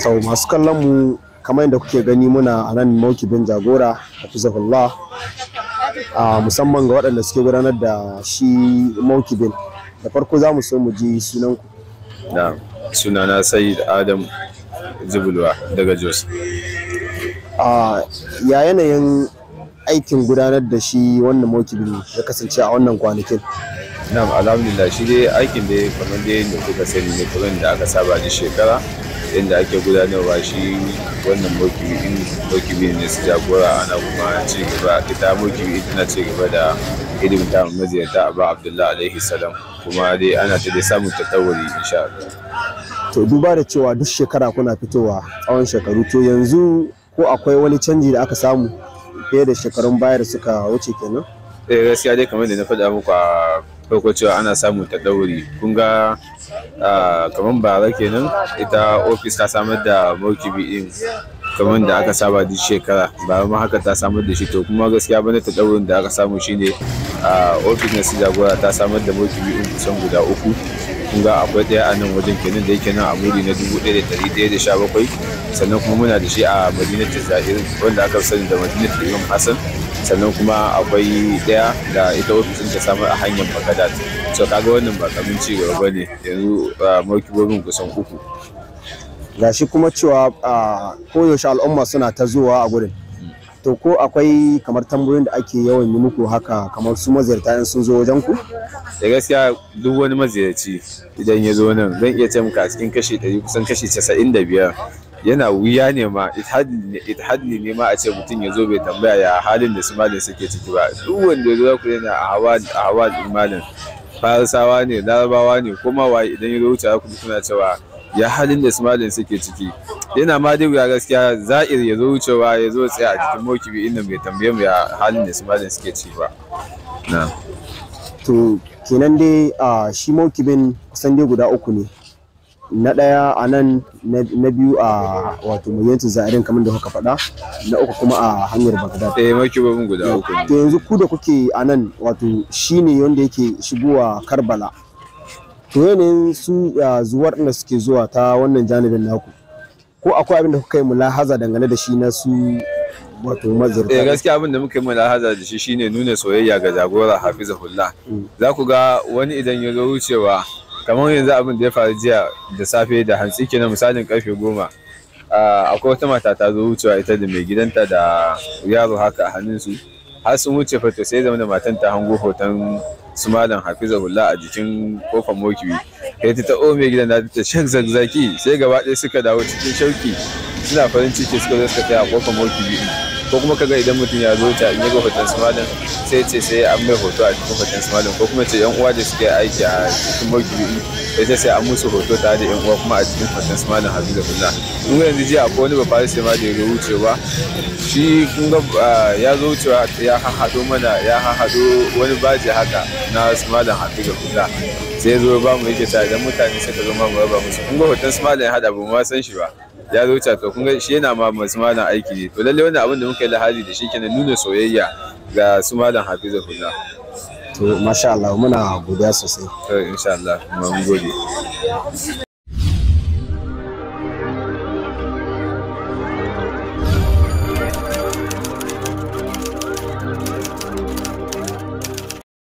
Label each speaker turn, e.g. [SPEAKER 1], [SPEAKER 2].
[SPEAKER 1] sau masu kallon mu kamar yadda kuke gani muna a nan maukibin jagora a hafizahullah a musamman ga waɗanda suke gudanar da shi maukibin da farko za mu so mu ji sunan ku
[SPEAKER 2] na sunana da adam zubulwa daga jos a ya yanayin
[SPEAKER 1] aikin gudanar da shi wannan maukibin ya
[SPEAKER 2] kasance a wannan kwanakin na alhamdulillah shi dai aikin da kamar dai da kuka sani ne kamar da aka saba ji shekara yanda ake gudanarwa shi wannan mokibi ne su jagora ana kuma ci gaba ita mokibi tana ci gaba da hidimta maziyarta ba abdullahi alaihi salam kuma dai ana ta dai samun tattawari insha Allah.
[SPEAKER 1] to duba da cewa duk shekara kuna fitowa tsawon shekaru to yanzu ko akwai wani canji da aka samu fiye da shekarun baya da suka wuce kenan
[SPEAKER 2] eh gaskiya dai kamar da na faɗa muku a ko cewa ana samu ta ɗauri kun ga kamar bara kenan ita ofis ta samar da maukibi din kamar da aka saba duk shekara ba ma haka ta samar da shi to kuma gaskiya bane ta ɗaurin da aka samu shine a ofis na su jagora ta samar da murkibi din kusan guda uku kun ga akwai ɗaya a nan wajen kenan da yake nan a muri na 1117 sannan kuma muna da shi a madinatul zahir wanda aka sani da madinatul imam hassan sannan kuma akwai ɗaya da ita ofisin ta samar a hanyar bagadat so kaga wannan ba kamin ci gaba ne yanzu markibobin kusan uku
[SPEAKER 1] gashi kuma cewa koyaushe al'umma suna ta zuwa a gurin to ko akwai kamar tambayoyin da ake yawan yi muku haka kamar su maziyarta in sun zo wajen ku
[SPEAKER 2] da gaskiya duk wani maziyarci idan ya zo nan zan iya ce muka a cikin kashi 100 kusan kashi 95 yana wuya ne ma ithadni ne ma a ce mutum ya zo bai tambaya ya halin da su malin suke ciki ba duk wanda ya zo ku yana a hawa din malin farsawa ne larabawa ne kuma wa idan ya zo wuce ku kuna cewa ya halin da su malin suke ciki yana ma dai wuya gaskiya za'ir ya zo wucewa ya zo tsaya a cikin mokibi inda bai tambaye mu ya halin da su malin suke ci ba
[SPEAKER 1] na to kenan dai a shi mokibin kusan dai guda uku ne na ɗaya a nan na biyu a wato mayyancin za'irin kamar da kuka faɗa na uku kuma a hanyar bagdad eh
[SPEAKER 2] bin guda uku to yanzu
[SPEAKER 1] ku da kuke a nan wato shine wanda yake shigowa karbala to yanayin su zuwar da suke zuwa ta wannan janibin naku ko akwai abin da kuka yi mulahaza dangane da shi na su wato mazurta eh, gaskiya
[SPEAKER 2] abin da muka yi mulahaza da shi shine nuna soyayya ga jagora hafizahullah za ku ga wani idan ya zo wucewa kamar yanzu abin da ya faru jiya da safe da hantsi kenan misalin karfe goma akwai wata mata ta zo wucewa ita da mai gidanta da yaro haka a hannunsu har sun wuce fato sai zama da matan ta hango hoton su malam hafizahullah a jikin kofar mokiwi kai ta taɓo mai gidan da ta shan zagzaki sai gaba ɗaya suka dawo cikin shauki suna farin ciki suka zo suka tsaya a kofar mulki biyu ko kuma kaga idan mutum ya zo ta in hoton su malam sai ce sai an mai hoto a cikin hoton su malam ko kuma ce yan uwa da suke aiki a cikin ya sai sai an musu hoto tare da yan uwa kuma a cikin hoton su malam hazu da kula. in yanzu jiya akwai wani bafa sai ma da ya wucewa shi kun ga ah, ya zo wucewa ya hahado mana ya hahado wani baji haka na su malam hazu da kula sai ya zo ba mu yake ta idan mutane suka zo ma mu raba musu kun ga hoton su malam ya hada ba mu san shi ba ya zo ta kun ga shi yana ma masu malam aiki ne to lalle wannan abin da muka yi lahadi da shi kenan nuna soyayya ga su malam hafizahullah
[SPEAKER 1] to masha Allah muna godiya
[SPEAKER 2] sosai to insha Allah mun gode